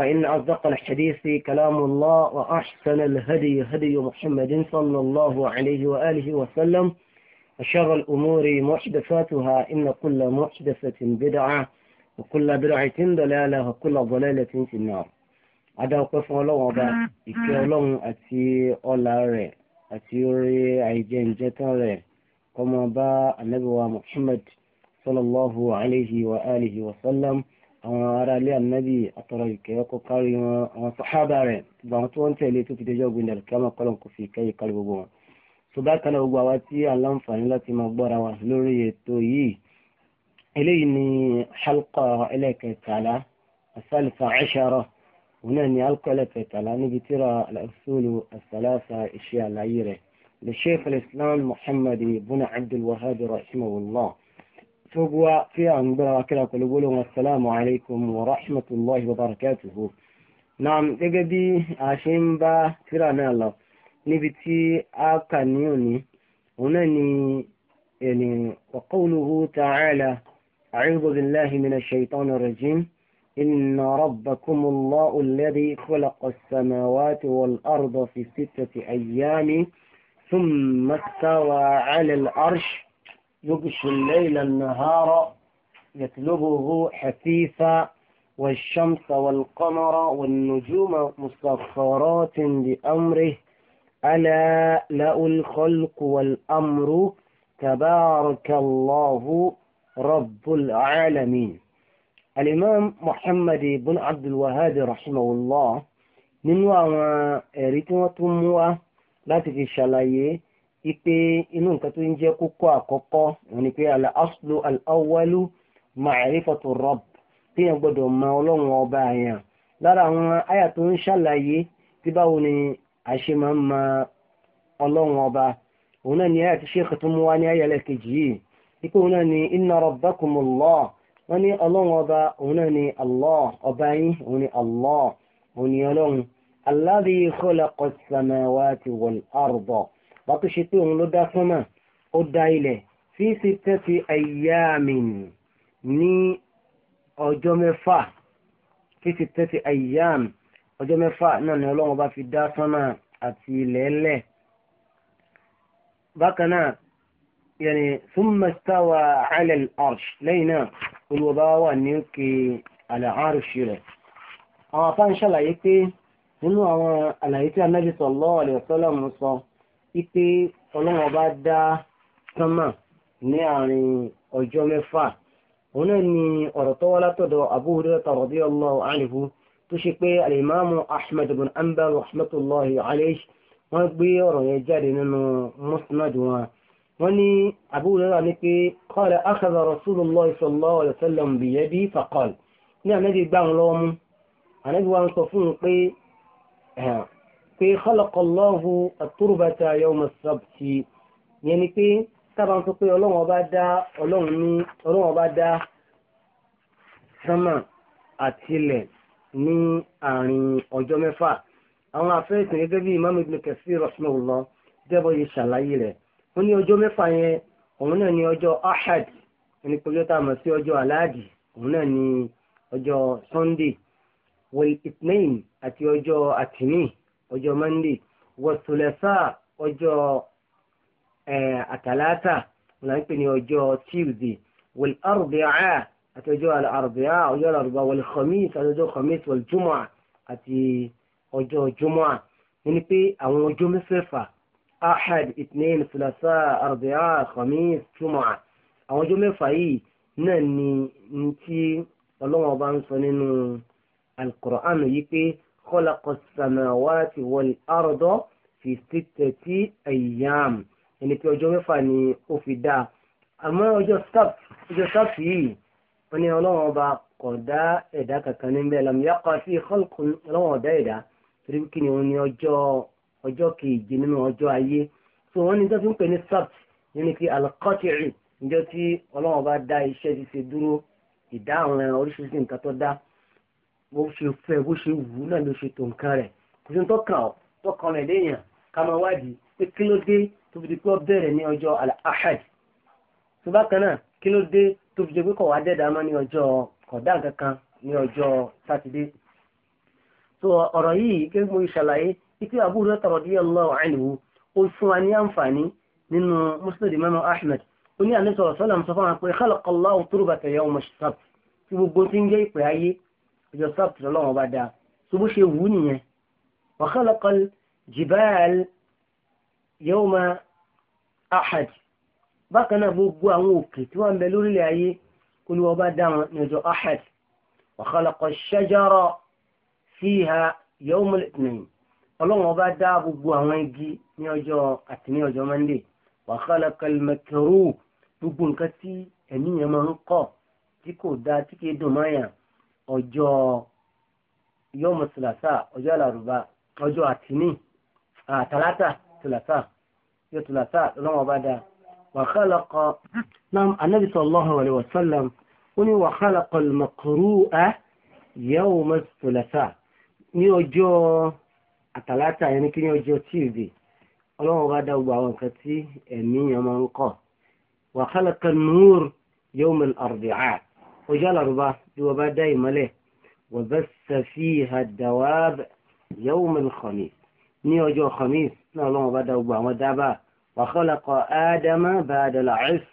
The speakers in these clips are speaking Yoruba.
فإن أصدق الحديث كلام الله وأحسن الهدي هدي محمد صلى الله عليه وآله وسلم وشر الأمور محدثاتها إن كل محدثة بدعة وكل بدعة ضلالة وكل ضلالة في النار ada ọpẹ́ fún Ọlọ́run ọba ìkẹ́ Ọlọ́run àti ọlà rẹ̀ àti orí àìjẹǹjẹtàn rẹ̀ kọmọ bá anabiwa Muhammad sallallahu alayhi wa alihi wa àwọn ará ilé ànábì àtọ̀rọ̀ ìkẹ́ kó kárí wọn àwọn sàhábà rẹ̀ gbogbo àwọn tí wọ́n ń tẹ̀lé tó fi dẹjọ́ gbin ẹ̀rọ kí wọ́n máa kọ́lọ̀ kó fi ìkẹ́ yìí kárí gbogbo wọn. tó bá kan náà gbogbo àwa tí aláǹfààní láti máa gbọ́ra wa lórí ètò yìí eléyìí ni halqa ẹlẹ́kẹtàlá asálìfà ẹ̀ṣẹ̀rọ̀ òun náà ni halqa ẹlẹ́kẹtàlá níbi tíra alẹ́sùlù asálàfà iṣẹ́ àlàyé rẹ̀ lè ṣe Sheikh islam Muhammad ibn Abdul rahimahullah فوقوا في أنبرا كلا كل بولون السلام عليكم ورحمة الله وبركاته نعم تجدي عشيم با كرانا الله نبتي أكانيوني هناني يعني وقوله تعالى أعوذ بالله من الشيطان الرجيم إن ربكم الله الذي خلق السماوات والأرض في ستة أيام ثم استوى على الأرش يغشي الليل النهار يطلبه حثيثا والشمس والقمر والنجوم مسخرات بأمره ألا لأ الخلق والأمر تبارك الله رب العالمين الإمام محمد بن عبد الوهاب رحمه الله من وما ẹ̀rí tí لا tún mú ipe inú nǹkan tó ń jẹ́ kókó àkọ́kọ́ òun ni pé al-aslu al-awwalu ma'rifatu rabb téèyàn gbọ́dọ̀ mọ ọlọ́run ọba àyàn lára àwọn àyà tó ń ṣàlàyé tí báwo ni a máa ń mọ ọlọ́run ọba òun náà ni àyà tí ṣe kẹtù mú wá ní àyà lẹ́ẹ̀kejì yìí ipe òun náà ni inna rabbakumullah wọ́n ní ọlọ́run ọba òun náà ni allah ọba yín òun ni allah òun ni ọlọ́run alladhi khalaqa as-samawati wal-arda bá tó ṣe pé òun ló dá sánmà ó dá ilẹ̀ fi sittati ayyamin ní ọjọ́ mẹ́fà fi sittati ayyam ọjọ́ mẹ́fà náà ni ọlọ́run bá fi dá sánmà àti ilẹ̀ ẹlẹ̀ bákan náà yẹni thumma istawa ala lẹ́yìn náà olùwọ́bá wà ní òkè àlàárùsì rẹ̀ àwọn afáǹṣàlàyé pé nínú àwọn àlàyé tí anábì sallallahu alaihi wasallam sọ wípé ọlọ́run ọba dá sánmà ní àárín ọjọ́ mẹ́fà òun náà ni ọ̀rọ̀ tó wá látọ̀dọ̀ Abu Hurairah radiyallahu anhu tó ṣe pé alimami ahmed bin anbal rahmatulahi alayhi wọ́n gbé ọ̀rọ̀ yẹn jáde nínú musnad wọn wọ́n ní Abu Hurairah ní pé qala akhadha rasulullah sallallahu alayhi wa sallam biyadi faqala ní ànábì gbà wọn lọ́wọ́ mú ànábì wa ń sọ fún un pé pé khalaqallahu at-turbata yawma as-sabti yẹn ni pé sábà ń sọ pé ọlọ́run ọba dá ọlọ́run ní ọlọ́run ọba dá sánmà àtilẹ̀ ní àárín ọjọ́ mẹ́fà àwọn afẹ́sìn gẹ́gẹ́ bí imam ibn Kathir rahimahullah gẹ́bọ̀ yìí ṣàlàyé rẹ̀ wọ́n ní ọjọ́ mẹ́fà yẹn òun náà ní ọjọ́ ahad ẹni pẹ̀lú tá a mọ̀ sí ọjọ́ aláàdì òun náà ní ọjọ́ sunday wal itnain àti ọjọ́ àtìní ọjọ́ monday wọ̀túlẹ̀fà ọjọ́ eh, àtàlátà wọn ń pè ní ọjọ́ tuesday wọ̀l arùbíà àti ọjọ́ àrùbíà ọjọ́ àrùbíà wọ̀l khamis àti ọjọ́ khamis wọ̀l jùmọ̀ àti ọjọ́ jùmọ̀ ní pé àwọn ọjọ́ mẹ́fẹ̀ẹ̀fà ahad itnain sulasa arùbíà khamis jùmọ̀ àwọn ọjọ́ mẹ́fà yìí náà ni ní ọlọ́wọ́n bá ń sọ nínú alukur'an yìí pé khalaqa as والأرض في ستة أيام. sittati ayyam ẹni pé ọjọ́ mẹ́fà ni ó fi dá àmọ́ ọjọ́ sábt yìí wọ́n ní ọlọ́wọ́n ọba kò dá ẹ̀dá kankan níbẹ̀ lam yaqa fi khalqin ọlọ́wọ́n ọ̀dá ẹ̀dá torí kí ni wọ́n ní ọjọ́ ọjọ́ keje nínú ọjọ́ ayé so wọ́n ní tó fi ń pè ní sábt nínú kí al-qati'i tí ọlọ́wọ́n ọba dá iṣẹ́ ti ṣe dúró ìdá àwọn oríṣiríṣi nǹkan tó dá bó ṣe fẹ́ bó ṣe wù ú náà ló ṣe tó nǹkan rẹ̀ kò sí tọkàn ọ tọkàn rẹ̀ léèyàn ká máa wádìí pé kí ló dé tó fi di pé ó bẹ̀rẹ̀ ní ọjọ́ al-ahad tó bá kan náà kí ló dé tó fi di pé kò wá dẹ̀dá mọ́ ní ọjọ́ kọ̀dá kankan ní ọjọ́ sátidé so ọ̀rọ̀ yìí kí mo ṣàlàyé ikú Abu Hurairah radiyallahu anhu ó fún wa ní àǹfààní nínú Musnad Imam Ahmad ó àníṣọ́ ọ̀sọ́làm sọ fún wa pé khalaqa Allahu turbata ìjọ sábtì lọ́wọ́ bá dáa tó bó ṣe wù nìyẹn wa khalaqa al-jibal yawma ahad bákan náà gbogbo àwọn òkè tí wọ́n ń bẹ lórílẹ̀ ayé olúwa bá dá wọn ní ọjọ́ ahad wa khalaqa ash-shajara fiha yawma al-ithnayn ọlọ́wọ́n bá dá gbogbo àwọn igi ní ọjọ́ àti ní ọjọ́ monday wa khalaqa gbogbo nǹkan tí ẹ̀mí yẹn máa ń kọ̀ tí kò dáa tí kìí dùn máa yàn ọjọ́ yọmọ tìlàsà ọjọ́ àlàrúbá ọjọ́ àtìní àtàlátà tìlàsà yóò tìlàsà lọ́wọ́ bá dáa وخلق نعم النبي صلى الله عليه وسلم قل وخلق المقروء يوم الثلاثاء ní ọjọ́ àtàlátà yẹn ní kí ní ọjọ́ tíìdì ọlọ́run bá dá gbogbo àwọn nǹkan tí ẹ̀mí yẹn máa ń kọ̀ wa khalaqa an-nur yawm ọjọ́ àlàrúbá tí wọ́n bá dá ìmọ́lẹ̀ wa bassa fiha ad-dawab yawm al-khamis ní ọjọ́ khamis náà lọ́wọ́ bá dá gbogbo àwọn dábà wa khalaqa ádámà ba'da al-'isf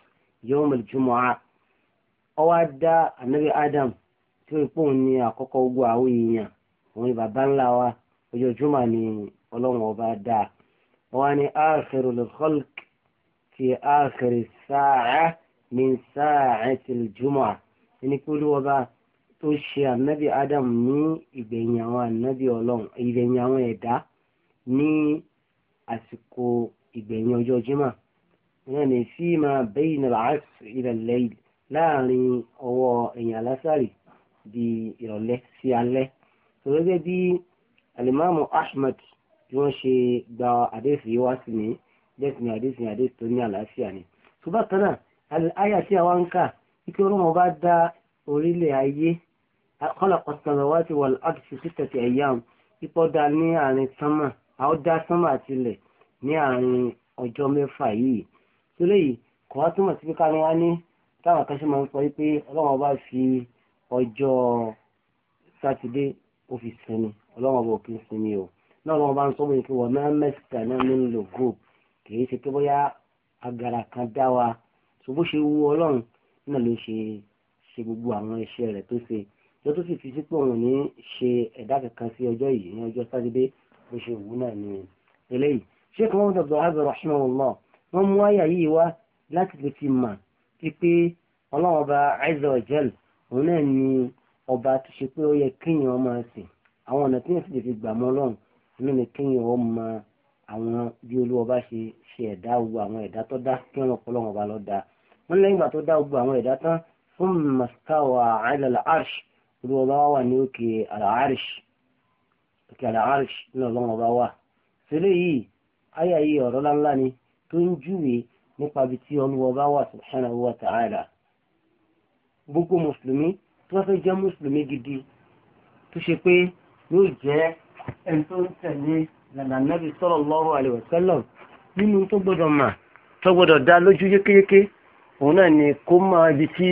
yawm al-jumu'ah ọwọ́ dá anabi ádám tí ó pọ̀ ní àkọ́kọ́ gbogbo àwọn èèyàn òun ni bàbá ńlá wa ọjọ́ jùmọ̀ ni ọlọ́run ọba dá wọ́n ní áàkìrì lọ́kọ́lùk ti áàkìrì sáà min sáà ti jùmọ̀ ẹni pé tó ṣe ànábì Adam ní ìgbẹ̀yìn àwọn ànábì ọlọ́run ìgbẹ̀yìn àwọn ẹ̀dá ní àsìkò ìgbẹ̀yìn ọjọ́ jimá náà ní sí máa bẹ́yìn ràás ìrẹ̀lẹ̀ láàrin ọwọ́ ẹ̀yìn alásàrì di ìrọ̀lẹ́ sí alẹ́ tó gẹ́gẹ́ bí alimami Ahmad tí wọ́n ṣe gba àdéhùn yìí wá sí ní jẹ́sìn ní àdéhùn ní àdéhùn tó ní àlàáfíà ni tó bá kan náà àyà tí àwa ń kà ikú ọlọ́run bá dá orílẹ̀ ayé خلق السماوات والأرض في ستة أيام ipò dá ní àárín sánmà a ó dá sánmà tilẹ̀ ní àárín ọjọ́ mẹ́fà yìí sílẹ̀ yìí kò wá túmọ̀ sí pé káni wá ní táwọn kan ṣe máa ń sọ wípé ọlọ́run ọba fi ọjọ́ sátidé ó fi sinmi ọlọ́run ọba ò kí ń sinmi o náà ọlọ́run ọba ń sọ wọ́n pé wọ́n máa ń mẹ́sìkà náà ní lò group kì í ṣe pé bóyá agara kan dá wa ṣùgbọ́n ṣe wú tó tó sì fi sípò òun ní ṣe ẹ̀dá kankan sí ọjọ́ yìí ní ọjọ́ sátidé bó ṣe wù náà ni eléyìí sheikh muhammed abdulhab rahimahullah wọn mú àyà yìí wá láti lè fi mà pípé ọlọ́run ọba azza wa jal òun náà ni ọba tó ṣe pé ó yẹ kéèyàn máa sìn àwọn ọ̀nà tí yẹn sì lè fi gbà mọ́ ọlọ́run inú ni kéèyàn ó máa àwọn bí olúwa ṣe ṣe ẹ̀dá gbogbo àwọn ẹ̀dá tó dá kí wọ́n ọ̀pọ̀lọpọ̀ bá lọ dá wọ́n lẹ́yìn ìgbà tó dá gbogbo àwọn ẹ̀dá tán fún mastawa ala al olú ọba wà ní òkè àlàárìṣ òkè àlàárìṣ ní ọlọ́run ọba wà sílẹ̀ yìí àyà yìí ọ̀rọ̀ láńlá ni tó ń júwe nípa ibi tí olú ọba wà subhanahu wa ta'ala gbogbo mùsùlùmí tó bá fẹ́ jẹ́ mùsùlùmí gidi tó ṣe pé yóò jẹ́ ẹni tó ń tẹ̀lé lànà nàbì sallallahu alaihi wasallam nínú tó gbọ́dọ̀ mà tó gbọ́dọ̀ dá lójú yékéyéké òun náà ni kó máa ibi tí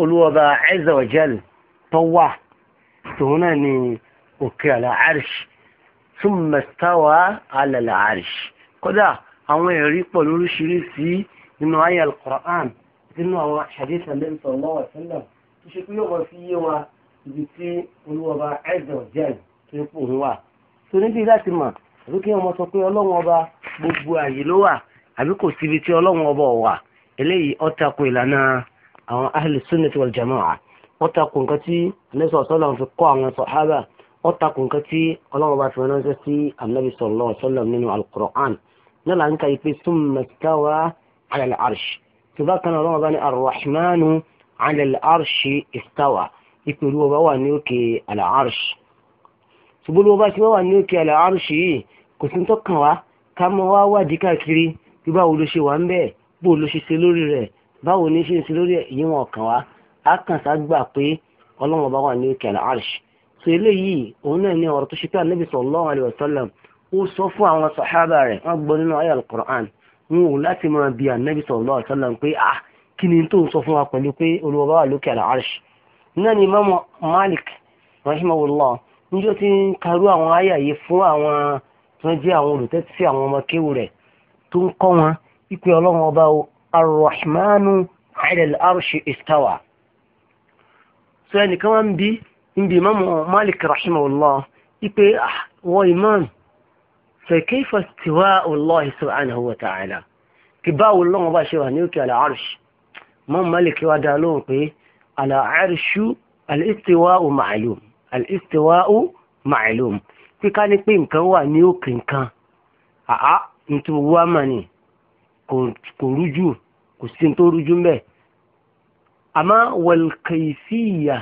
olúwọba azza wa jal tó wà tòun náà ni òkè àlà àríṣì thumma stawa àlà àlà àríṣì kódà àwọn ẹ̀rí pọ̀ lóríṣiríṣi nínú àyá al-Qur'an nínú àwọn hadith Ànábì sallallahu alaihi wasallam tó ṣe pé yóò wọ́n fi yé wa ibi tí olúwọba azza wa jal tó ń pò ń wà tó níbi láti mọ̀ àbí kí ọmọ sọ pé ọlọ́run ọba gbogbo àyè ló wà àbí kò síbi tí ọlọ́run ọba ò wà eléyìí ó tako ìlànà àwọn ahlu sunnah wal jamaa'ah wọ́n takò nǹkan tí anẹ́sọ̀ sọ́lọ̀ fi kọ́ àwọn sọ̀hábà wọ́n takò nǹkan tí ọlọ́run bá fi ránṣẹ́ sí anabi sọ̀lọ̀ sọ́lọ̀ nínú alukur'an náà là ń ka ìpè summa istawa ala al-arsh tó bá kan ọlọ́run bá ní arrahmanu ala al-arsh istawa ìpè wà ní òkè al-arsh ṣùgbọ́n olúwa bá ti wà ní òkè al-arsh yìí kò sí tó kàn wá ká mọ wá wádìí káàkiri bí báwo ló ṣe wà ń bẹ́ẹ̀ bó ló ṣe ṣe lórí rẹ̀ báwo ní ṣe ń ṣe lórí ìyẹn kàn wá akànṣá gbà pé ọlọ́run ọba wà ní ìkẹlẹ̀ arsh so eléyìí òun náà ní ọ̀rọ̀ tó ṣe pé ànábì sallallahu alaihi wasallam ó sọ fún àwọn sàhábà rẹ̀ wọ́n gbọ́ nínú ayé alukur'an wọn ò láti máa bi ànábì sallallahu alaihi wasallam pé ah kí ni tó ń sọ fún wa pẹ̀lú pé olúwa ọba wà lókè àlẹ́ arsh náà ni Imam Malik rahimahullah níjọ́ ti ń karú àwọn àyà yìí fún àwọn tí wọ́n jẹ́ àwọn olùtẹ́tí àwọn ọmọ kéwù rẹ̀ tó ń kọ́ wọn ìpè ọlọ́run ọba arrahmanu ala al istawa so ẹnìkan wá ń bí ń bí imam malik rahimahullah ipe ah, wọ imam fẹkẹfà tiwa allah subhanahu wa ta'ala kí báwo lọ́wọ́ bá ṣe wà ní òkè alárùsù imam malik wá dá lóhùn pé alárùsù alistiwa ma'lum alistiwa ma'lum pé ká ní pé nǹkan wà ní òkè nǹkan àá nítorí wá mà ní kò rújú kò sí ní tó rújú mbẹ́ẹ̀ àmọ́ wẹ̀lkẹ̀ìfìyà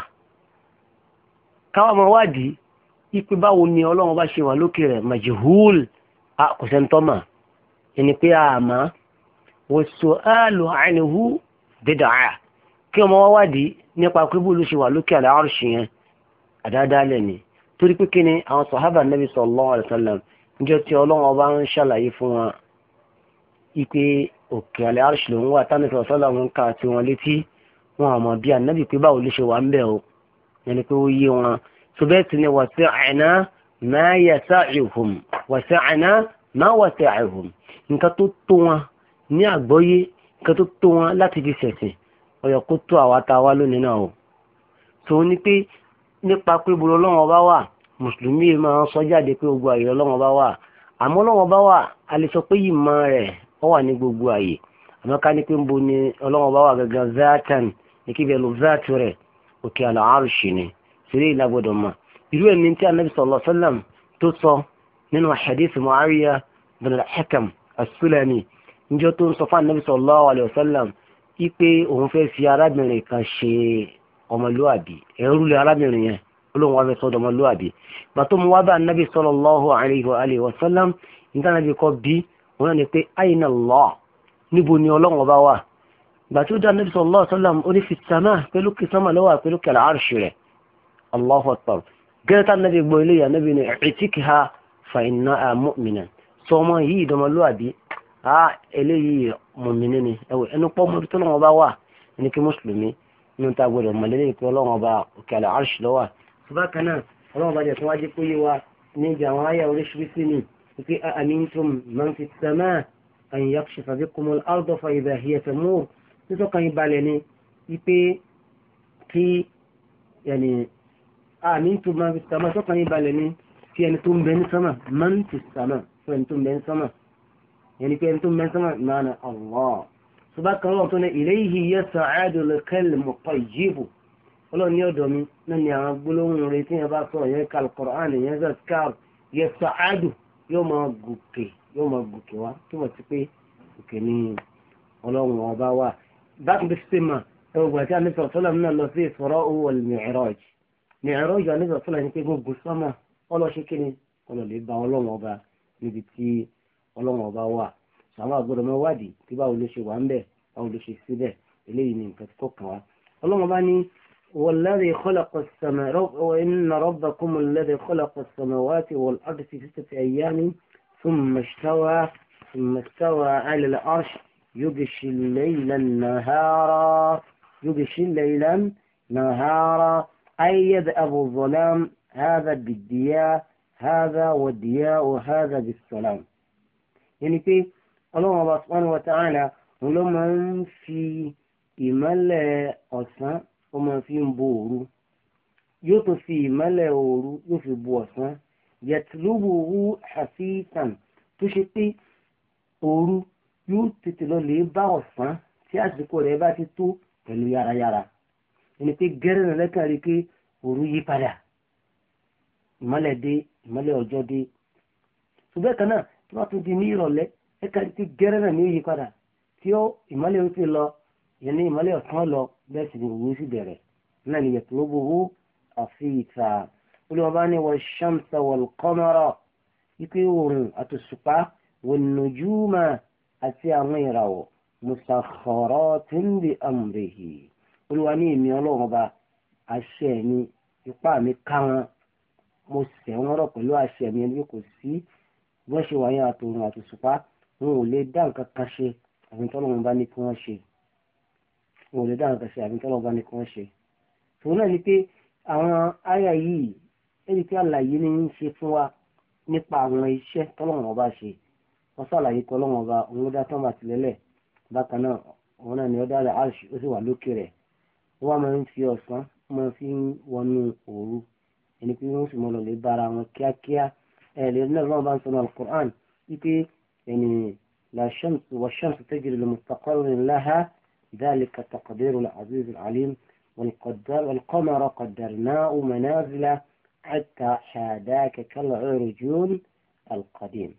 káwọn ọmọ wádìí ipe báwo ni ọlọ́run bá ṣe wà lókè rẹ̀ majhul àkùsẹ̀ntọ́mà ẹni pé àmọ́ wòsàn áàlù àìníhù dídàá kí ọmọ wá wádìí nípa pé bó ló ṣe wà lókè àlẹ́ àrùsì yẹn àdáadáa lẹ́ni torí pé kí ni àwọn sàhábà nàbì sallallahu alaihi wasallam níjọ́ tí ọlọ́run ọba ń ṣàlàyé fún wọn ipe òkè àlẹ́ àrùsì lòún wà tánìfẹ́ ọ̀sán làwọn ń ka àti wọn létí wọn àmọ́ bí ànábì pé báwo ló ṣe wà ń bẹ̀ o yẹn ni pé ó yé wọn ṣùgbọ́n tí ni wàṣẹ àìná máa yẹ sáàìhùm wàṣẹ àìná máa wàṣẹ àìhùm nǹkan tó tó wọn ní àgbọ́yé nǹkan tó tó wọn láti fi ṣẹ̀sìn ọ̀yọ̀ kó tó àwa ta wá lónìí náà o tó ní pé nípa pé bolo ọlọ́wọ́n bá wà mùsùlùmí máa sọ jáde pé gbogbo àyè ọlọ́wọ́n bá wà àmọ́ ọlọ́wọ́n bá wà a pé yìí máa rẹ̀ ọ wà ní gbogbo àyè àmọ́ ká ní pé ń bo ni ọlọ́wọ́n bá wà gangan zatan níkíbi ẹlòmíràn rẹ̀ òkè àlọ́ àrùsì ni sílẹ̀ ìlàgbọ́dọ̀ mọ̀ irú ẹni tí anabi sallallahu alaihi wasallam tó sọ nínú hadith muawiya bin al-hakam as-sulami níjọ́ tó ń sọ fún anabi sallallahu alaihi wasallam ipe òun fẹ́ fi arábìnrin kan ṣe ọmọlúwàbí ẹrú lé arábìnrin yẹn olóhùn wa fẹ́ sọ́dọ̀ ọmọlúwàbí gbàtó mu wá bá anabi sallallahu alaihi wasallam nígbà anabi kọ bí wọn ni pé aina Allah níbo ni ọlọ́run ọba wà gbàtí ó dá níbi sallallahu alaihi wasallam ó ní fi sàmà pẹ̀lú kí sàmà lọ́wọ́ pẹ̀lú kẹlẹ̀ àrùsì rẹ̀ Allahu akbar gẹ́gẹ́ tá níbi gbọ́ ilé yà níbi ní ẹ̀tíkì ha fa inna mu'mina sọmọ yìí ìdọmọlúwàbí a eléyìí mọ̀mìnà ni ẹ̀wọ̀ ẹnu pọ́ mọ́tò tó lọ́wọ́ bá wà ní kí mùsùlùmí nínú tá a gbọdọ̀ mọ̀lẹ́lẹ́ ìpín ọlọ́wọ́ bá kẹlẹ̀ àrùsì lọ́wọ́ bákan náà ọlọ́wọ́ bá jẹ́ fún wájú pé nítọ́kan yìí balẹ̀ ni wípé kí yẹni àmì tó máa fi sàmà tọ́kan yìí balẹ̀ ni kí ẹni tó ń bẹ ní sàmà máa ń ti sàmà fún ẹni tó ń bẹ ní sàmà yẹni pé ẹni tó ń bẹ ní sàmà máa na Allah ṣùgbọ́n kan lọ́wọ́ tó ní ilayhi yas'adu al-kalmu at-tayyibu ọlọ́run ní ọ̀dọ̀ mi náà ni àwọn gbólóhùn rẹ̀ tí yẹn bá sọ yẹn ka al-Qur'an yẹn zaskar yas'adu yóò máa gòkè yóò máa gòkè wá túmọ̀ sí pé gòkè ni ọlọ́run ọba wà. بعد بالسماء هو بعد كان نزل صلاة من الله صراء والمعراج معراج قال يعني نزل صلاة يعني كيف نقول صلاة قال وش كني قال اللي بقى والله ما بقى نبتي والله ما وا سما أقول ما وادي تبى أقول شيء وامبه أقول شيء سيدة اللي ينكت كوكا والله ما والذي خلق السماء رب وإن ربكم الذي خلق السماوات والأرض في ستة أيام ثم استوى ثم استوى على العرش يغشي الليل النهار يغشي الليل النهار أي يذأب الظلام هذا بالدياء هذا والدياء وهذا بالسلام يعني في الله سبحانه وتعالى ولمن في إمال أسان ومن في مبور يطفي مال أورو يطفي بوسان يطلبه حسيثا تشتي أورو yóò tètè lọ lè bá ọ̀sán tí àsìkò rẹ̀ bá ti tó pẹ̀lú yárayára ẹni pé gẹ́rẹ́ rẹ̀ lẹ́kàn rí pé òru yí padà ìmọ́lẹ̀ dé ìmọ́lẹ̀ ọjọ́ dé ṣùgbọ́n kan náà tí wọ́n tún di ní ìrọ̀lẹ́ lẹ́kàn pé gẹ́rẹ́ rẹ̀ ní yí padà tí ó ìmọ́lẹ̀ ó ti lọ ìyẹn ní ìmọ́lẹ̀ ọ̀sán lọ bẹ́ẹ̀ sì ni òru sì bẹ̀rẹ̀ náà ni yẹ̀tún ló gbowó àfi ìta olùwàbá àti àwọn ìràwọ̀ musakhkharatin bi amrihi olúwa ní ìmí ọlọ́run ọba àṣẹ mi ipá mi ká wọn mo sẹ̀ wọ́n rọ̀ pẹ̀lú àṣẹ mi ẹni kò sí bó ṣe wáyé àtòrun àtòṣùpá wọn ò lè dá nǹkan kan ṣe àbí bá ní kí wọ́n ṣe wọn ò lè dá nǹkan ṣe àbí bá ní kí wọ́n ṣe tòun náà ni pé àwọn àyà yìí ẹni tí àlàyé ní í ṣe fún wa nípa àwọn iṣẹ́ tọ́lọ́run ọba ṣe wọ́n ṣàlàyé pé ọlọ́run ọba òun ló dá tọ́mà tìlẹ́lẹ̀ bákan náà òun ni ó dá àrùsì ó sì wà lókè rẹ̀ wọ́n wá máa ń fi ọ̀sán máa fi ń wọnú òru kia pé wọ́n sì mọ lọ lè bára wọn kíákíá ẹ̀ lè ní ọlọ́run bá ń sọ ní alukur'an wípé ẹni làṣẹ́mùsù wàṣẹ́mùsù tajri limustaqarrin laha dhalika taqdiru al-aziz al-alim والقمر قدرناه منازل حتى حاداك كالعرجون القديم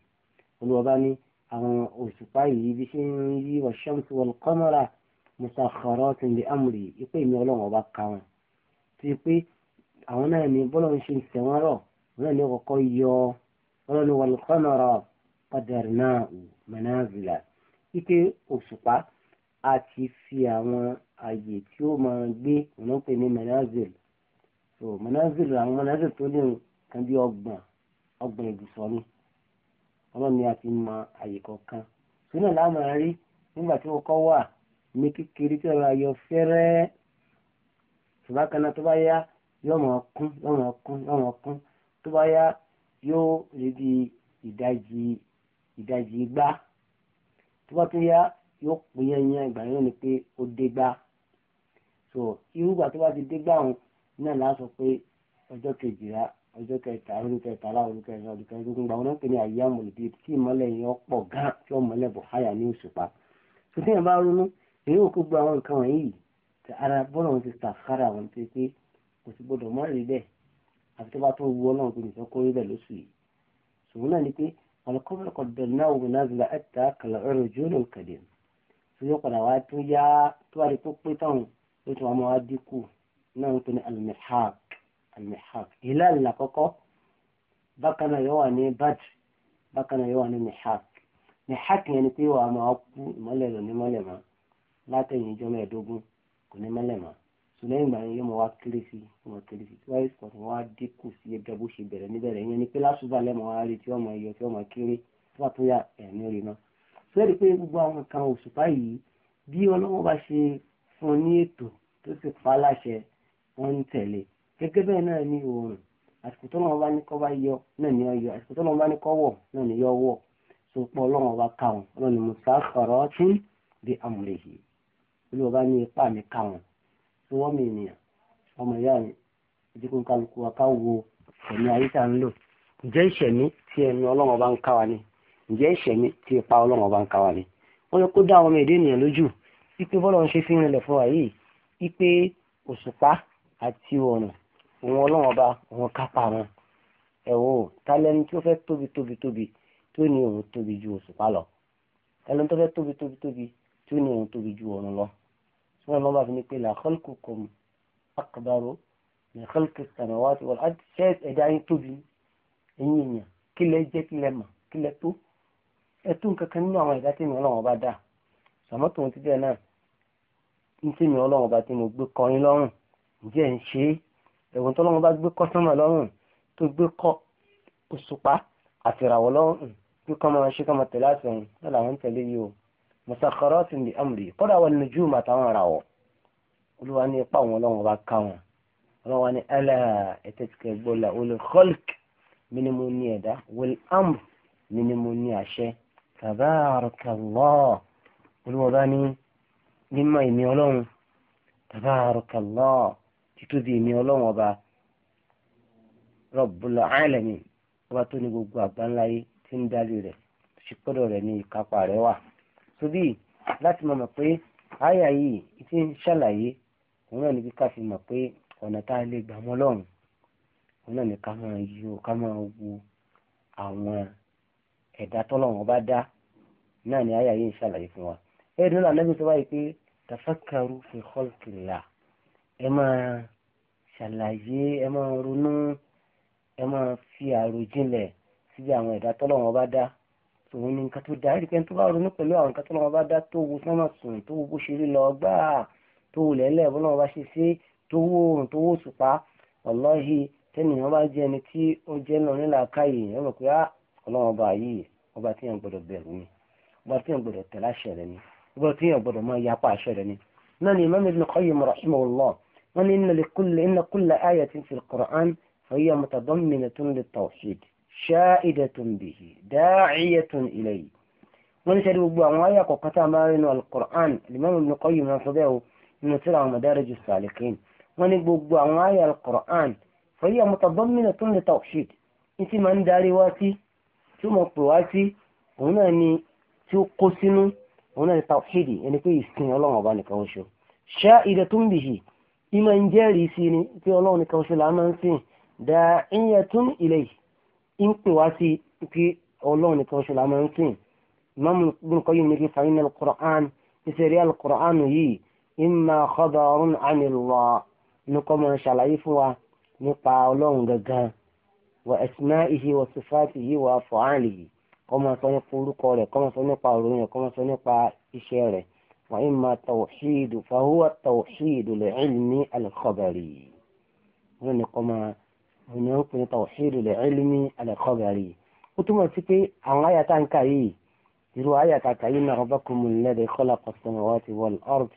olùwọ́ba ní àwọn òṣùpá yìí bí ṣe ń yí wash-shamsu wal-qamara musakhkharatin bi amri ìpè mi ọlọ́run ọba ka wọn ti pé àwọn náà ní bọ́lọ̀ ń ṣe ìṣẹ̀wọ́n rọ̀ wọn náà ní kọ́kọ́ yọ ọlọ́run wal-qamara qaddarnahu manazila ike òṣùpá àti fi àwọn àyè tí ó máa gbé ọ̀nà pè ní manazil so manazil àwọn manazil tó ní nǹkan bí ọgbọ̀n ọgbọ̀n ìbùsọ̀ ni ọlọ́run ni a ti mọ àyè kọ̀ọ̀kan sínú làwọn rí nígbà tí wọ́n kọ́ wà ní kékeré tí ọ̀rọ̀ ayọ̀ fẹ́rẹ́ ṣùgbọ́n kaná tó bá yá yọmọ kún yọmọ kún yọmọ kún tó bá yá yóò lè di ìdajì ìdajì igbá tó bá tún yá yóò pín yanyan ìgbà yóò ní pé ó dé gbá so irúgbà tó bá ti dé gbà òun náà láà sọ pé ọjọ́ kejìlá ọjọ́ kẹta ọdún kẹtàlá ọdún kẹrin ọdún kẹrin gbogbo àwọn náà pè ní àyè amòlùbí tí ìmọ́lẹ̀ yẹn pọ̀ gan tí wọ́n mọ́lẹ̀ bọ̀ háyà ní òṣùpá tuntun yẹn bá ronú èyí ò kó gbọ́ àwọn nǹkan wọ̀nyí tí ara bọ́ọ̀lù wọn ti ta kára wọn ti pé kò sí gbọdọ̀ mọ́ rí bẹ́ẹ̀ àfi tó bá tó wu ọlọ́run pé nìkan kó rí bẹ́ẹ̀ lóṣù yìí ṣùgbọ́n náà ni pé ọ̀lọ́kọ́mọ́lọ́kọ́ dọ̀nà òun المحاك هلال لقوقو بكنا يواني بدر بكنا يواني محاك محاك يعني في وما أبو ملل نملما لا تيجي جمع دوغو كنملما sùlẹ́yìn ìgbà yẹn yóò mọ wá kéré sí yóò mọ kéré sí tí wáyé sọ̀rọ̀ wọn wá dínkù sí ẹgbẹ́ bó ṣe bẹ̀rẹ̀ níbẹ̀rẹ̀ yẹn ni pé lásùbà lẹ́mọ̀ wá rí tí wọ́n mọ iyọ̀ tí wọ́n mọ kéré tí wọ́n tó yà ẹ̀mí rí náà. sọ́yẹ́ di pé gbogbo àwọn kan òṣùpá yìí bí ọlọ́wọ́ bá ṣe fún ní ètò tó sì pa láṣẹ wọ́n ń tẹ̀lé gẹ́gẹ́ bẹ́ẹ̀ náà ni òòrùn àsìkò tó lọ́wọ́ bá ní kọ́ bá yọ náà ni ọyọ àsìkò tó lọ́wọ́ bá ní kọ́ wọ̀ náà ni yọ wọ̀ tó pọ̀ ọlọ́run ọba káwọn ọlọ́run ni musakharatin bi amrihi olúwa bá ní ipá mi káwọn tó wọ́n mi ènìyàn ọmọ ìyá mi ìdíkùn kálukú wa ká wo ẹ̀mí ayé tá ń lò ǹjẹ́ ìṣẹ̀mí tí ẹ̀mí ọlọ́run ọba ń ká wa ni ǹjẹ́ ìṣẹ̀mí tí ipa ọlọ́run ọba ń ká ni wọ́n yẹ kó dá àwọn òun ọlọ́wọ́n bá òun kápá wọn ẹ wo tálẹ́ni tí ó fẹ́ tóbi tóbi tóbi tí ó ní òun tóbi ju òṣùpá lọ tálẹ́ni tó fẹ́ tóbi tóbi tóbi tí ó ní òun tóbi ju ọ̀run lọ ṣùgbọ́n ọlọ́wọ́n bá fi ní pé la khalqukum akbaru min khalqi samawati wal ard ṣé ẹ̀dá yín tóbi ẹ̀yìn èèyàn kí lẹ jẹ́ kí lẹ mọ̀ kí lẹ tó ẹ tó nǹkan kan nínú àwọn ẹ̀dá tí mi ọlọ́wọ́n bá dà sàmọ́ tòun ti bẹ́ẹ̀ náà ní tí ọlọ́wọ́n bá ti gbé kọrin lọ́rùn ǹjẹ́ ń ṣe é ẹ̀wọ̀n tó lọ́wọ́ bá gbé kọ́sọ́mà lọ́rùn tó gbé kọ́ òṣùpá àti ìràwọ̀ lọ́rùn bí kọ́ máa ṣe kọ́ máa tẹ̀lé àṣẹ òun náà làwọn ń tẹ̀lé yìí o musakharatin bi amri kọ́dà wọn ni júù màtà wọn rà wọ́ olúwa ní ipa wọn lọ́wọ́ bá ká wọn ọlọ́wọ́ ní ẹlẹ́ ẹ̀tẹ́tìkẹ́ gbọ́lá olè kọ́lìk mi ni mo ní ẹ̀dá wẹ̀l amr mi ni mo ní àṣẹ tabarakallah olúwa bá ní mímọ́ ìmí ọlọ́run tabarakallah títún di ìmí ọlọ́run ọba Rabbul Alamin ọba tó ní gbogbo àgbáńláyé tí ń darí rẹ̀ ṣùpọ̀dọ̀ rẹ̀ ní ìkápá rẹ̀ wà. sóbì láti mọ̀ pé àyà yìí ti ń ṣàlàyé òun náà ní kíkà fi mọ̀ pé ọ̀nà tá a lè gbà mọ́ lọ́run òun náà ní ká máa yọ ká máa wo àwọn ẹ̀dá tọ́lọ́run bá dá náà ni àyà yìí ń ṣàlàyé fún wa. ẹ̀ẹ́dùn náà lẹ́gbẹ̀ẹ́ sọ báyìí pé tafakkaru fi khalqillah ẹ máa ṣàlàyé ẹ máa ronú ẹ máa fi àròjinlẹ̀ síbi àwọn ẹ̀dá tọ́lọ́wọ́n bá dá òun ni nǹkan tó dá rí pé tó bá ronú pẹ̀lú àwọn nǹkan tọ́lọ́wọ́n bá dá tó wo sánmà sùn tó wo bó ṣe rí lọ gbáà tó wo lẹ́lẹ̀ bó náà bá ṣe ṣe tó wo oòrùn tó wo òṣùpá ọlọ́hì tẹ́nìyàn bá jẹ́ ẹni tí ó jẹ́ lọ nílà káyè ẹ mọ̀ pé á ah, ọlọ́wọ́n bá yìí ọba tí yàn gbọ́dọ̀ bẹ̀rù ni ọba tí yàn gbọ́dọ̀ tẹ̀láṣẹ̀ rẹ ni ọba tí yàn gbọ́dọ̀ máa yapa àṣẹ rẹ ni náà ni Imam Ibn Qayyim rahimahullah wọ́n ní inna likulli inna kulla ayatin fil Qur'an fahiya mutadamminatun lit-tawhid sha'idatun bihi da'iyatun ilayhi wọ́n ní sẹ́ni gbogbo àwọn ayé àkọ́kọ́ tá a máa rí nu al-Qur'an Imam Ibn Qayyim máa o nínú tírà àwọn Madarij salikin wọ́n ní gbogbo àwọn ayé al-Qur'an fahiya mutadamminatun lit-tawhid ìtì máa ń darí wá sí tí ó mọ̀ pè wá sí òun náà ni tí ó kó sínú òun náà ni tawhidi ẹni pé ìsìn ọlọ́run ọba nìkan oṣù ṣá ìdẹ tó ń bì ìmọ̀ ń jẹ́rìí sí ni tí ọlọ́run nìkan ṣe là máa ń sìn dá ìyẹn tún ilé yìí ń pè wá sí pé ọlọ́run nìkan ṣe là máa ń sìn mọ́mú gbọ́nkọ́ yìí ní kí fàyín alukur'an ìṣẹ̀rí alukur'an yìí ìmọ̀ àkọ́dọ̀ọ́rùn ànilọ́ ní kọ́ máa ṣàlàyé fún wa nípa ọlọ́run gangan wa asma'ihi wa sifatihi wa af'alihi kọ́ máa sọ nípa orúkọ rẹ̀ kọ́ máa sọ nípa òròyìn kọ́ máa sọ nípa iṣẹ́ rẹ̀ وإما التوحيد فهو التوحيد لعلم الخبري هنا قما هنا توحيد لعلم الخبري وتم في أن آية تانكا يي يرو آية ربكم الذي خلق السماوات والأرض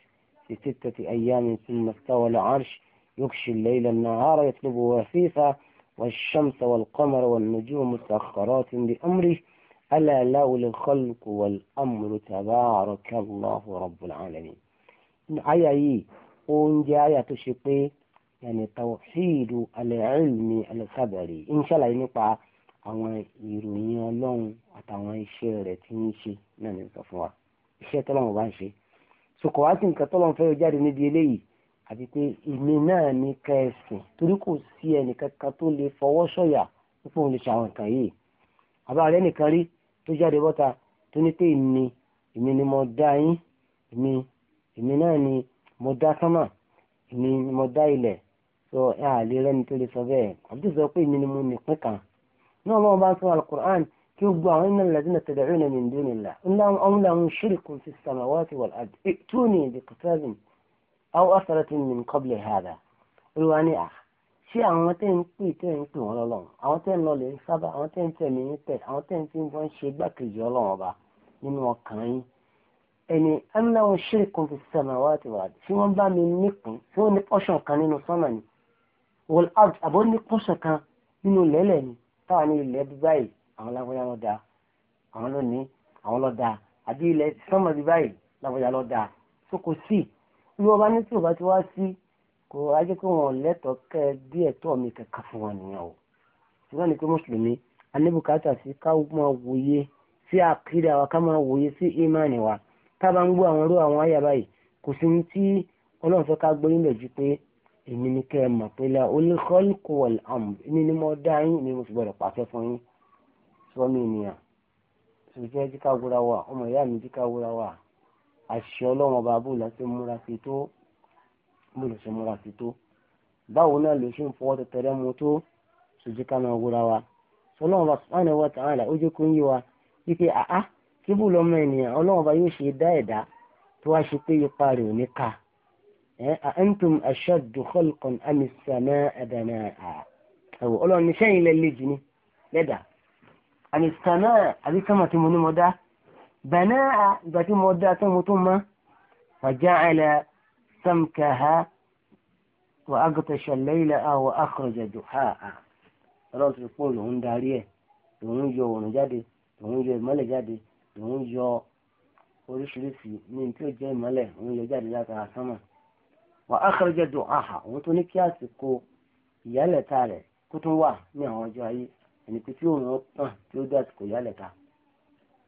في ستة أيام ثم استوى العرش يغشي الليل النهار يطلبه وفيفا والشمس والقمر والنجوم مسخرات بأمره ألا له الخلق والأمر تبارك الله رب العالمين àyà yìí ó ń jẹ́ àyà tó ṣe pé yàní tawhidu al-ilmi al-khabari ń ṣàlàyé nípa àwọn ìròyìn ọlọ́run àtàwọn iṣẹ́ rẹ̀ tí ń ṣe náà ní sọ fún wa iṣẹ́ tọ́lọ́run bá ń ṣe sọkọ wá sí nǹkan tọ́lọ́run fẹ́ jáde níbi eléyìí àti pé èmi náà ní kẹsìn torí kò sí ẹnìkankan tó lè fọwọ́ sọ̀yà nípa òun lè ṣe àwọn nǹkan yìí àbá rẹ nìkan rí tó jáde bọ́ta tó ní pé èmi èmi ni mo dá yín èmi èmi náà ni mo dá sánmà èmi ni mo dá ilẹ̀ sọ ẹ àlè rẹni tó lè sọ bẹ́ẹ̀ àbújá sọ pé èmi ni mo nìpín kan náà lọ́wọ́ bá ń sọ alukur'an kí gbogbo àwọn iná lẹ́dínà tẹ̀lé ẹ̀rọ mi dún nílá ọ̀hún làwọn ṣírìkùn fi samawati wal ardi túnì bí kùtàbí àwọn asàrẹ́tì mi kọ́bìlì hàdà olùwà ni àh ṣé àwọn tẹ́ ń pè tẹ́ ń pè wọ́n lọ́lọ́run àwọn tẹ́ ń lọlẹ̀ sábà àwọn tẹ́ ń tẹ̀mí tẹ̀ àwọn tẹ́ ń tí wọ́n ṣe gbákejì ọlọ́run ọba nínú ọkàn yín ẹni ẹnláwọn ṣírìkùn fi sẹ́mà wá ti wà tí wọ́n bá mi nípìn tí wọ́n ní pọ́ṣọ̀ kan nínú sọ́nà ni wọ́n out àbọ̀ ní pọ́ṣọ̀ kan nínú lẹ́lẹ̀ ni táwa ní ilẹ̀ bíbáyì àwọn lágbóyá lọ́ àwọn lónìí àwọn lọ́ kò ajẹ́ pé wọn lẹ́tọ̀ọ́ kẹ́ bí ẹ̀tọ́ mi kankan fún wọn nìyẹn o ṣùgbọ́n ni pé mùsùlùmí anibukata sí ká máa wòye sí àkídà wa ká máa wòye sí ìmánì wa tá a bá ń gbọ́ àwọn irú àwọn àyà báyìí kò sí ní tí ọlọ́run fẹ́ ká gbọ́ nílẹ̀ ju pé èmi ni kẹ́ ẹ mọ̀ pé la olùkọ́lùkù wọ̀l àmù ni mo dá yín ni mo sì gbọ́dọ̀ pàṣẹ fún yín sọmi ènìyàn ṣùgbọ́n jíkà wúra wa ọmọ ìyá mi jíkà wúra wa àṣẹ ọlọ́run ọba abúlé ti múra sí tó mo lè ṣe múra sí tó báwo náà lè ṣe ń fọwọ́ tẹ̀tẹ̀rẹ́ mu tó ṣùjú ká máa wúra wa ọlọ́run bá subhanahu wa ta'ala ó jẹ́ kó ń yé wa wípé àá kíbù lọ́mọ ènìyàn ọlọ́run bá yóò ṣe dá ẹ̀dá tó wá ṣe pé ipa rẹ̀ ò ní ká antum ashaddu khalqan am as-sama'u banaaha ọlọ́run ní sẹ́yìn lẹ́lẹ́ jì ní lẹ́dà am as àbí sàmà tí mo ní mo dá banaaha ìgbà tí mo dá tó tó mọ́ wa ja'ala سمكها وأغطش الليل وأخرج دحاء ọlọ́run ti pọ́n lòun darí ẹ̀ lòun yọ òrùn jáde lòun yọ ìmọ́lẹ̀ jáde lòun yọ oríṣiríṣi ní tí ó jẹ́ ìmọ́lẹ̀ òun yọ jáde látara sánmà wà á kẹrẹjẹ dùn àhà òun tó ní kí àsìkò ìyálẹ̀ta rẹ̀ kó tún wà ní àwọn ọjọ́ ayé ẹni pé tí òun tàn tí ó dé àsìkò ìyálẹ̀ta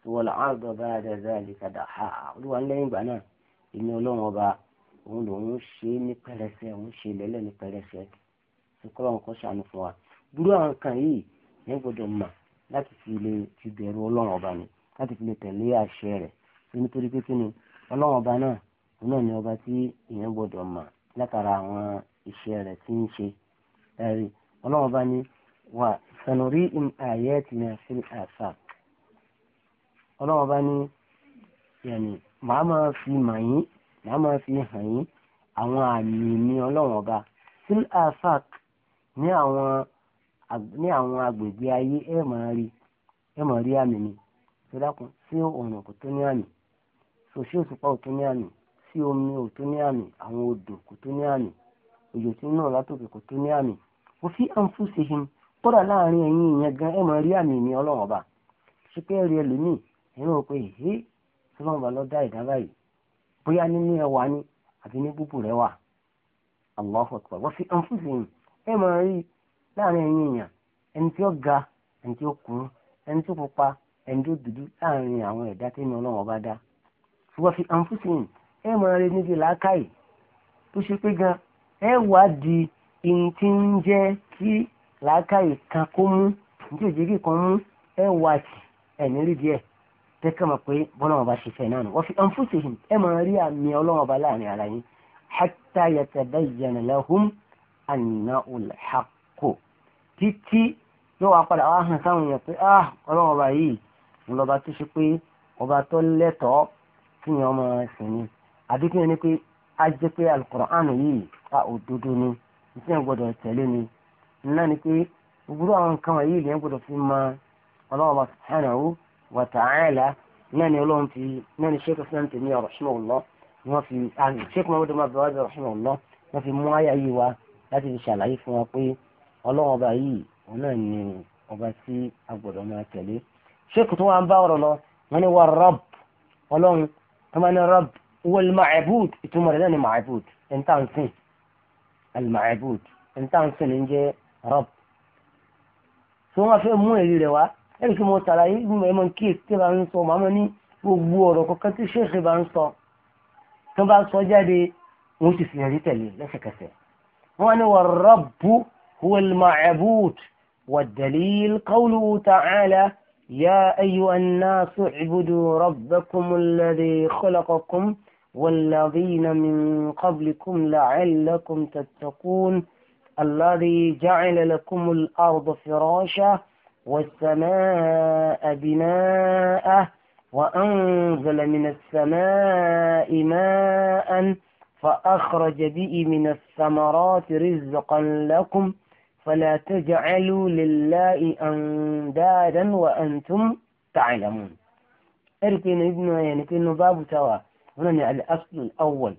tó wọ́n là á gbọ́ bá a dẹ̀ dẹ́ àlè kàdà àhà olúwa ń lẹ́yìn ìgbà náà èmi ọlọ́run ọba òun lòun ṣe é ní pẹrẹsẹ òun ṣe lẹ́lẹ̀ ní pẹrẹsẹ ṣùkọ́ àwọn kan ṣàánú fún wa burú àwọn kan yìí yẹn gbọdọ̀ mà láti fi lè ti bẹ̀rù ọlọ́run ọba ni láti fi lè tẹ̀lé àṣẹ rẹ̀ nítorí pé kí ni ọlọ́run ọba náà òun náà ni ọba tí ìyẹn gbọdọ̀ mà látara àwọn iṣẹ́ rẹ̀ tí ń ṣe ẹ̀rí ọlọ́run ọba ni wà sanuri im ayé ti ní àfi àṣà ọlọ́run ọba ni yẹn ni màá máa fi mà yín màá máa fi hàn yín àwọn àmì mi ọlọ́run ọba silafak ní àwọn ní àwọn agbègbè ayé ẹ máa rí ẹ máa rí àmì mi tó dákun sí ọ̀nà kò tó ní àmì so sí òṣùpá ò tó ní àmì sí omi ò tó ní àmì àwọn odò kò tó ní àmì òjò tí ń nà látòkè kò tó ní àmì kò fi anfusihim kódà láàrin ẹ̀yin ìyẹn gan ẹ máa rí àmì mi ọlọ́run ọba ṣùpẹ́ rí ẹlòmíì ẹ̀rọ pé èhé tí wọ́n bá lọ dá ìdá báyìí bóyá nínú ẹwà ni àbí ní búbù rẹ wà Allahu Akbar wọ́n fi anfusihim ẹ máa rí láàrin ẹ̀yin èèyàn ẹni tí ó ga ẹni tí ó kúrú ẹni tó pupa ẹni tó dúdú láàrin àwọn ẹ̀dá tẹ́ni ọlọ́wọ́n bá dá wọ́n fi anfusihim ẹ máa rí níbi làákàyè tó ṣe pé gan ẹ wá di ihun tí ń jẹ́ kí làákàyè kan kó mú ní òjèké kan mú ẹ wá ẹ̀ní rí díẹ̀ tẹ́kà mọ̀ pé bọ́lọ́wọ́ bá ṣe fẹ́ náà nù wọ́n fi anfusihim ẹ máa rí àmì ọlọ́wọ́ bá láàrin ara yín hatta yatabayyana lahum annahu al-haqqu títí yóò wá padà wá hàn sáwọn èèyàn pé ah ọlọ́wọ́ bá yìí ń lọ́ba tó ṣe pé ọba tó lẹ́tọ̀ọ́ kí ni ọmọ ẹ̀sìn ni àbí kí ni pé a jẹ́ pé al-Qur'an yìí ta òdodo ni iṣẹ́ gbọ́dọ̀ tẹ̀lé ni ńlá ni pé gbogbo àwọn nǹkan wọ̀nyí lè gbọ́dọ̀ fi mọ ọlọ́wọ́ bá subhanahu wa ta'ala náà ni ọlọ́run ti náà ni sheikh islam tèmi rahimahullah ni wọ́n fi sheikh muhammed umar abdulwahab rahimahullah wọ́n fi mú àyà yìí wá láti fi ṣàlàyé fún wa pé ọlọ́run ọba yìí òun náà ni ọba tí a gbọ́dọ̀ máa tẹ̀lé sheikh tó wà ń bá ọ̀rọ̀ lọ wọ́n ní wà rab ọlọ́run tó máa ní rab wal ma'bud ìtumọ̀ rẹ̀ náà ni ma'bud ẹ̀ńtàǹsìn al-ma'bud ẹ̀ńtàǹsìn ń jẹ́ rab tó wọ́n fẹ́ mú èyí rẹ̀ wá ẹni kí mo ṣàlàyé gbogbo ẹmọ kí èsì bá ń sọ màmá ní gbogbo ọ̀rọ̀ kankan tí ṣéèkì bá ń sọ tó bá sọ jáde wọn ti fìyàrí tẹ̀lé lẹ́sẹ̀kẹsẹ̀ wọn ni wọ́n rọ́bù wọlmàcẹ́bùt wàdàlíl kọ́lù ti fi ẹ̀rí tele yá wá wà robu ẹ̀bùt anáṣù ìbùdó ayo sọ ibudo rọ́bù kọ́lọ́kọ́kùn والذين من قبلكم لعلكم تتقون الذي جعل kùmùl الأرض فراشا والسماء بناءه وأنزل من السماء ماء فأخرج به من الثمرات رزقا لكم فلا تجعلوا لله أندادا وأنتم تعلمون أركين ابن يعني كأنه باب توا هنا الأصل الأول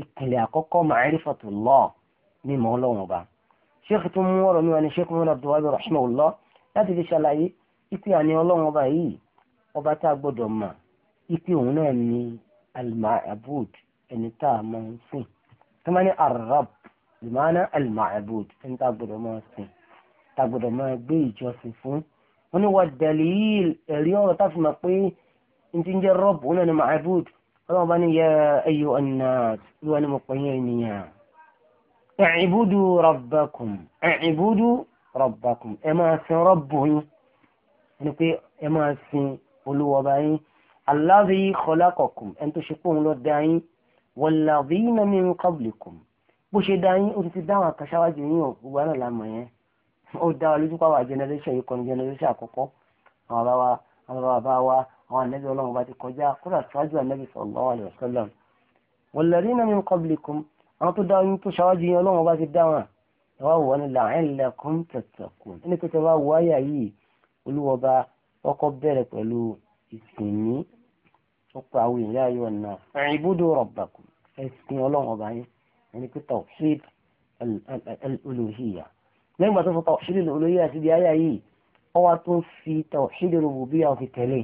إطلاقك معرفة الله من مولونا بقى شيخ تمور يعني شيخ مولى عبد الوهاب رحمه الله láti fi ṣàlàyé ipe àní ọlọ́run ọba yìí ọba tá a gbọ́dọ̀ mọ̀ ipe òun náà ni al-ma'bud ẹni tá a máa ń sìn tó máa ní arab ìmáná al-ma'bud ẹni tá a gbọ́dọ̀ máa sìn tá a gbọ́dọ̀ máa gbé ìjọsìn fún wọn ni wà dalil ẹ̀rí ọ̀rọ̀ tá a fi mọ̀ pé n ti ń jẹ́ rob òun náà ni ma'bud ọlọ́run ọba ní yẹ ẹyọ ọ̀nà ìwà ni mo pè é ènìyàn i'budu rabbakum i'budu rabbakum ẹ máa sin rọ́bù yín ni pé ẹ máa sin olúwọba yín alladhi khalaqakum ẹni tó ṣe pé òun ló dá yín walladhina min qablikum bó ṣe dá yín ó ti ti dáhùn àkàṣáwájú yín ò gbogbo náà lámọ̀ yẹn ó dá wa lójú pàwọ́ generation yìí kọ́ni generation àkọ́kọ́ àwọn bá wa àwọn bàbá wa àwọn ànábì ọlọ́run bá ti kọjá kódà ṣáájú ànábì sallallahu alaihi wasallam walladhina min qablikum àwọn tó dá yín tó ṣáwájú yín ọlọ́run bá ti dá wọn ẹwà wọ́n ní la'allakum tattaqun ẹni pé tẹwà wọ àyà yìí olúwọba ọkọ bẹ̀rẹ̀ pẹ̀lú ìsìnmí ó pa àwọn èèyàn ayọ̀ náà i'budu rabbakum ẹ̀sìn ọlọ́run ọba yín ẹni pé tawhid al-uluhiyya lẹ́yìn ìgbà tó fọ tawhid al síbi àyà yìí ọwọ́ tó fi tawhid ar-rububiyyah òfin tẹ̀lé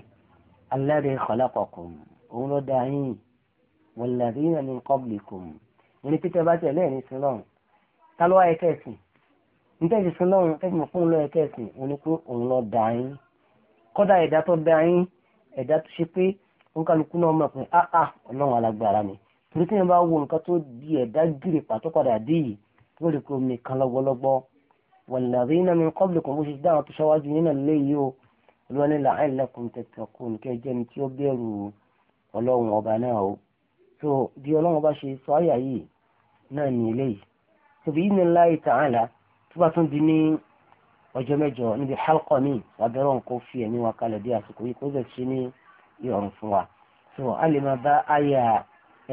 alladhi khalaqakum òun ló ta ló wá yẹ kẹ́sìn nítẹ̀sí sí lọ́run tẹ́sí mọ̀ fún un lọ́yẹ kẹ́sìn òun ni pé òun lọ dà yín kódà ẹ̀dá tó dà yín ẹ̀dá tó ṣe pé òǹkàlùkù náà mọ̀ pé áà ah, ah, ọlọ́run alágbára ni torí tí wọ́n bá wo nǹkan tó di ẹ̀dá gírì pàtó padà dé yìí wọ́n lè kó omi kan lọ́gbọ́lọ́gbọ́ walladhina min qablikum bó ṣe dáhùn tó ṣáwájú nínú ilé yìí o lọ́ni ní tòbí yìí ní ńlá ta'ala tó bá tún di ní ọjọ́ mẹ́jọ níbi halqa mi abẹ́rọ̀ nǹkan fi ẹ̀mí wa kalẹ̀ bí àsìkò yìí kó bẹ̀ ṣe ní ìrọ̀rùn fún wa so a lè máa bá àyà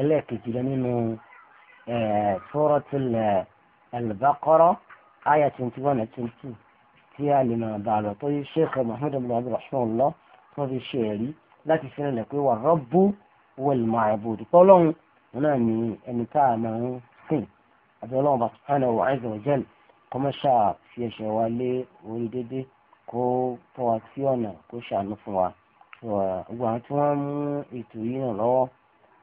ẹlẹ́ẹ̀kejì lọ nínú suratul al-Baqara àyà twenty one and twenty two tí a lè máa bá a lọ tó yí sheikh Muhammad abdulhamid rahmanullah tó fi ṣe ẹ̀rí láti fi rìnlẹ̀ pé wà rọ́bù wal ma'bud pọ́lọ́hún أدلوبة أنا وعز وجل كما شاء في شوالي ولدي كو فواكسيونا كو شاء نفوا وواتوام إتوين الله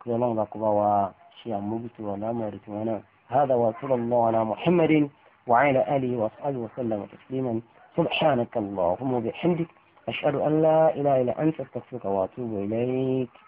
كدلوبة كبا وشيء مبت ونام رتوانا هذا وصلى الله على محمد وعلى آله وصحبه وسلم تسليما سبحانك اللهم وبحمدك أشهد أن لا إله إلا أنت أستغفرك وأتوب إليك